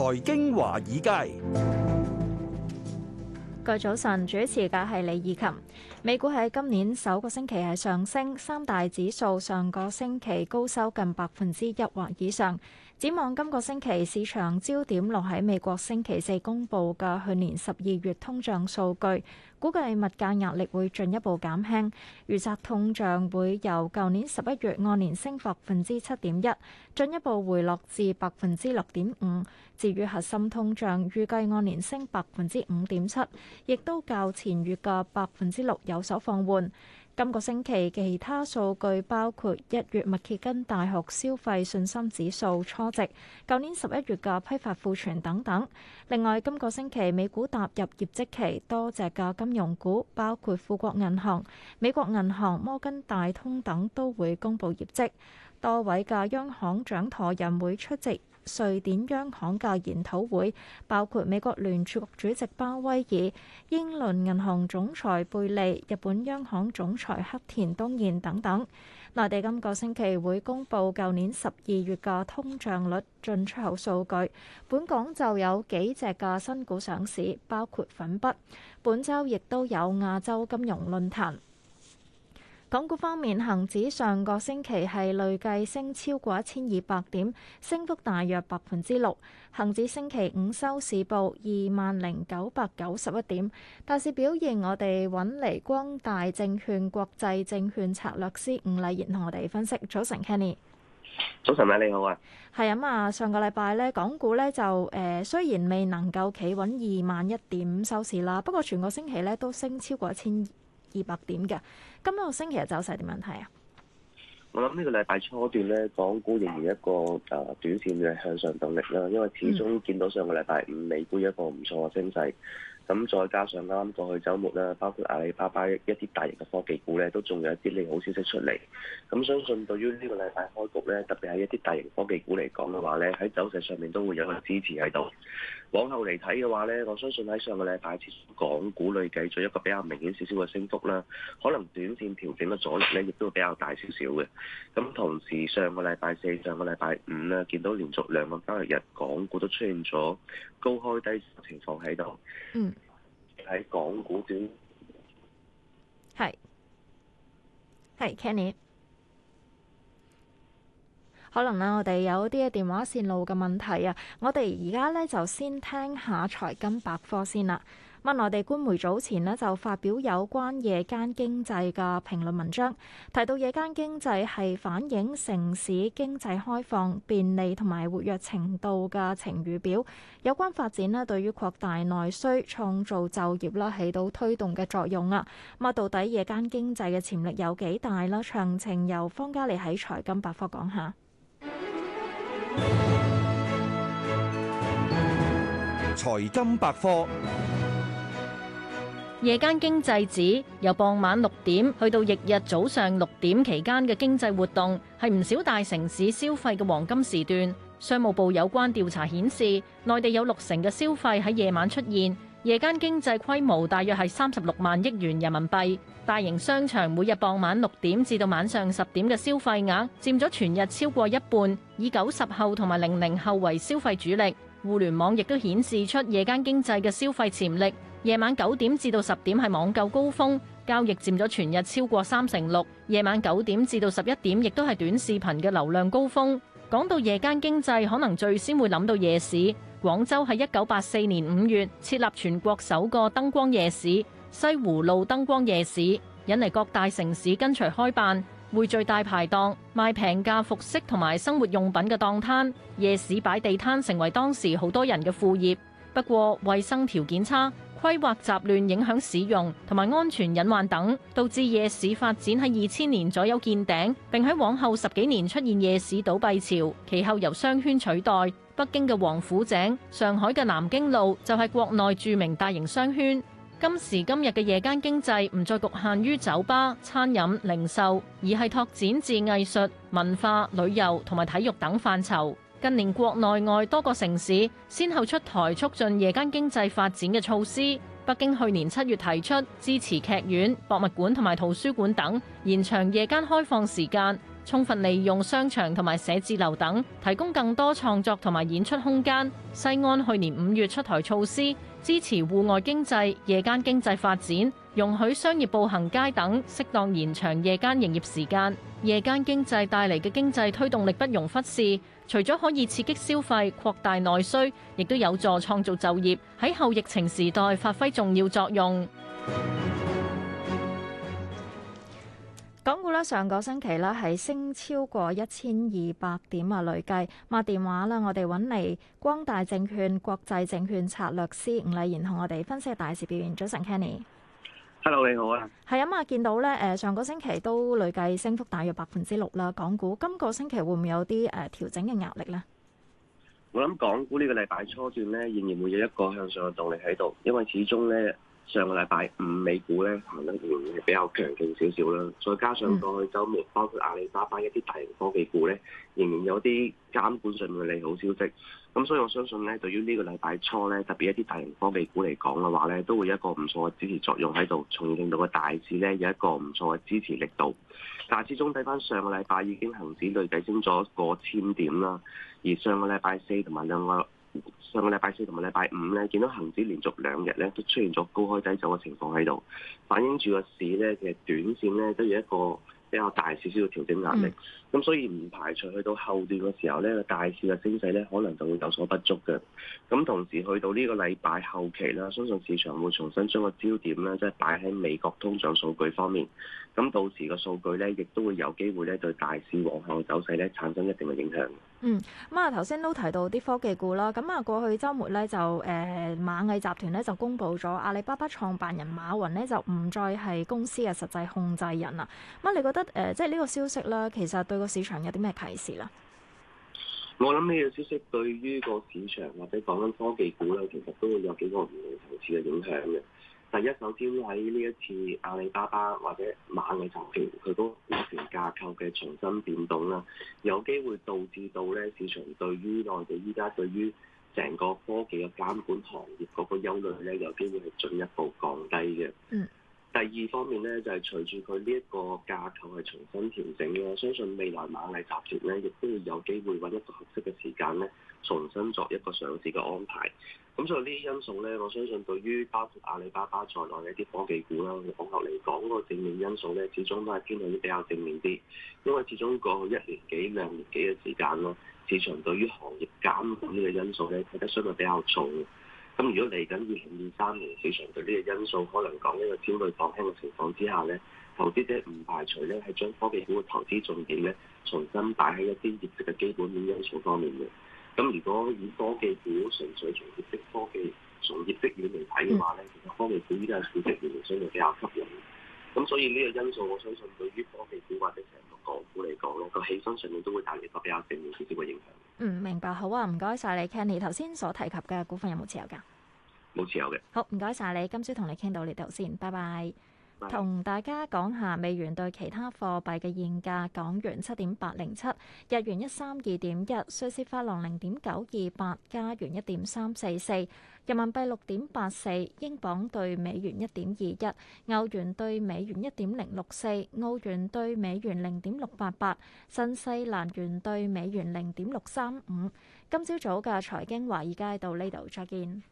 財經華爾街，個早晨主持嘅係李怡琴。美股喺今年首個星期係上升，三大指數上個星期高收近百分之一或以上。展望今個星期，市場焦點落喺美國星期四公布嘅去年十二月通脹數據。估計物價壓力會進一步減輕，預測通脹會由舊年十一月按年升百分之七點一，進一步回落至百分之六點五。至於核心通脹，預計按年升百分之五點七，亦都較前月嘅百分之六有所放緩。今個星期其他數據包括一月密歇根大學消費信心指數初值、舊年十一月嘅批發庫存等等。另外，今、這個星期美股踏入業績期，多隻嘅金融股，包括富國銀行、美國銀行、摩根大通等都會公布業績，多位嘅央行掌舵人會出席。瑞典央行嘅研討會，包括美國聯儲局主席鮑威爾、英倫銀行總裁貝利、日本央行總裁黑田東彥等等。內地今個星期會公布舊年十二月嘅通脹率、進出口數據，本港就有幾隻嘅新股上市，包括粉筆，本周亦都有亞洲金融論壇。港股方面，恒指上個星期係累計升超過一千二百點，升幅大約百分之六。恒指星期五收市報二萬零九百九十一點，但是表現，我哋揾嚟光大證券國際證券策略師吳麗賢同我哋分析。早晨，Kenny，早晨，你好啊，係啊嘛。上個禮拜咧，港股咧就誒、呃、雖然未能夠企穩二萬一點收市啦，不過全個星期咧都升超過一千二百點嘅。今個星期嘅走勢點樣睇啊？我諗呢個禮拜初段咧，港股仍然一個誒、呃、短線嘅向上動力啦，因為始終見到上個禮拜五美股一個唔錯嘅升勢。咁再加上啱啱過去周末啦，包括阿里巴巴一啲大型嘅科技股咧，都仲有一啲利好消息出嚟。咁相信對於呢個禮拜開局咧，特別係一啲大型科技股嚟講嘅話咧，喺走勢上面都會有一個支持喺度。往後嚟睇嘅話咧，我相信喺上個禮拜，港股累計咗一個比較明顯少少嘅升幅啦。可能短線調整嘅阻力咧，亦都會比較大少少嘅。咁同時上個禮拜四、上個禮拜五啦，見到連續兩個交易日港股都出現咗高開低情況喺度。嗯。喺港股展，係係 Kenny 可能啊，我哋有啲嘅電話線路嘅問題啊。我哋而家咧就先聽下財金百科先啦。問內地官媒早前咧就發表有關夜間經濟嘅評論文章，提到夜間經濟係反映城市經濟開放、便利同埋活躍程度嘅晴雨表。有關發展咧，對於擴大內需、創造就業啦，起到推動嘅作用啊。咁到底夜間經濟嘅潛力有幾大咧？詳情由方家利喺財金百科講下。財金百科。夜間經濟指由傍晚六點去到翌日早上六點期間嘅經濟活動，係唔少大城市消費嘅黃金時段。商務部有關調查顯示，內地有六成嘅消費喺夜晚出現。夜間經濟規模大約係三十六萬億元人民幣。大型商場每日傍晚六點至到晚上十點嘅消費額佔咗全日超過一半，以九十後同埋零零後為消費主力。互聯網亦都顯示出夜間經濟嘅消費潛力。夜晚九點至到十點係網購高峰，交易佔咗全日超過三成六。夜晚九點至到十一點，亦都係短視頻嘅流量高峰。講到夜間經濟，可能最先會諗到夜市。廣州喺一九八四年五月設立全國首個燈光夜市——西湖路燈光夜市，引嚟各大城市跟隨開辦，匯聚大排檔、賣平價服飾同埋生活用品嘅檔攤。夜市擺地攤成為當時好多人嘅副業，不過衛生條件差。規劃雜亂、影響使用同埋安全隱患等，導致夜市發展喺二千年左右見頂，並喺往後十幾年出現夜市倒閉潮，其後由商圈取代。北京嘅王府井、上海嘅南京路就係國內著名大型商圈。今時今日嘅夜間經濟唔再局限於酒吧、餐飲、零售，而係拓展至藝術、文化、旅遊同埋體育等範疇。近年國內外多個城市，先後出台促進夜間經濟發展嘅措施。北京去年七月提出支持劇院、博物館同埋圖書館等，延長夜間開放時間，充分利用商場同埋寫字樓等，提供更多創作同埋演出空間。西安去年五月出台措施，支持戶外經濟、夜間經濟發展。容許商業步行街等適當延長夜間營業時間，夜間經濟帶嚟嘅經濟推動力不容忽視。除咗可以刺激消費、擴大內需，亦都有助創造就業，喺後疫情時代發揮重要作用。港股咧，上個星期咧係升超過一千二百點啊，累計孖電話啦。我哋揾嚟光大證券國際證券策略師吳麗賢同我哋分析大市表現。早晨，Kenny。Hello，你好啊，係啊嘛，見到咧，誒，上個星期都累計升幅大約百分之六啦，港股，今個星期會唔會有啲誒調整嘅壓力咧？我諗港股呢個禮拜初段咧，仍然會有一個向上嘅動力喺度，因為始終咧。上個禮拜五美股咧行得仍然係比較強勁少少啦，再加上過去週末包括阿里巴巴一啲大型科技股咧，仍然有啲監管上面嘅利好消息，咁所以我相信咧，對於呢個禮拜初咧，特別一啲大型科技股嚟講嘅話咧，都會有一個唔錯嘅支持作用喺度，從而令到個大市咧有一個唔錯嘅支持力度。但係始終睇翻上個禮拜已經恆指累計升咗過千點啦，而上個禮拜四同埋兩個。上個禮拜四同埋禮拜五咧，見到恒指連續兩日咧都出現咗高開低走嘅情況喺度，反映住個市咧嘅短線咧都有一個比較大少少嘅調整壓力。咁、嗯、所以唔排除去到後段嘅時候咧，大市嘅升勢咧可能就會有所不足嘅。咁同時去到呢個禮拜後期啦，相信市場會重新將個焦點咧即係擺喺美國通脹數據方面。咁到時個數據咧，亦都會有機會咧對大市往後走勢咧產生一定嘅影響。嗯，咁啊，頭先都提到啲科技股啦，咁啊，過去周末咧就誒，螞蟻集團咧就公布咗阿里巴巴創辦人馬雲咧就唔再係公司嘅實際控制人啦。咁你覺得誒，即係呢個消息咧，其實對個市場有啲咩啟示啦？我諗呢個消息對於個市場或者講緊科技股咧，其實都會有幾個唔同層次嘅影響嘅。第一，首先喺呢一次阿里巴巴或者螞蟻集團佢嗰股權架構嘅重新變動啦，有機會導致到咧市場對於內地依家對於成個科技嘅監管行業嗰個憂慮咧，有機會係進一步降低嘅。嗯。第二方面咧，就係、是、隨住佢呢一個架構係重新調整咧，相信未來螞蟻集團咧，亦都會有機會揾一個合適嘅時間咧，重新作一個上市嘅安排。咁所以呢啲因素咧，我相信對於包括阿里巴巴在內嘅一啲科技股啦，嘅股價嚟講，個正面因素咧，始終都係偏向於比較正面啲。因為始終過去一年幾兩年幾嘅時間咯，市場對於行業監管呢個因素咧，睇得相對比較重。咁如果嚟緊二零二三年市場對呢個因素可能講呢個焦慮放輕嘅情況之下咧，投資者唔排除咧，係將科技股嘅投資重點咧，重新擺喺一啲業績嘅基本面因素方面嘅。咁如果以科技股純粹從業績，科技從業績面嚟睇嘅話咧，其實科技股依家嘅市值仍然相對比較吸引。咁所以呢個因素，我相信對於科技股或者成個港股嚟講咧，個氣氛上面都會帶嚟個比較正面少少嘅影響。嗯，明白，好啊，唔該晒你，Kenny 頭先所提及嘅股份有冇持有㗎？冇持有嘅。好，唔該晒你，今朝同你傾到呢度先，拜拜。同大家講下美元對其他貨幣嘅現價：港元七點八零七，日元一三二點一，瑞士法郎零點九二八，加元一點三四四，人民幣六點八四，英鎊對美元一點二一，歐元對美元一點零六四，澳元對美元零點六八八，新西蘭元對美元零點六三五。今朝早嘅財經華爾街到呢度，再見。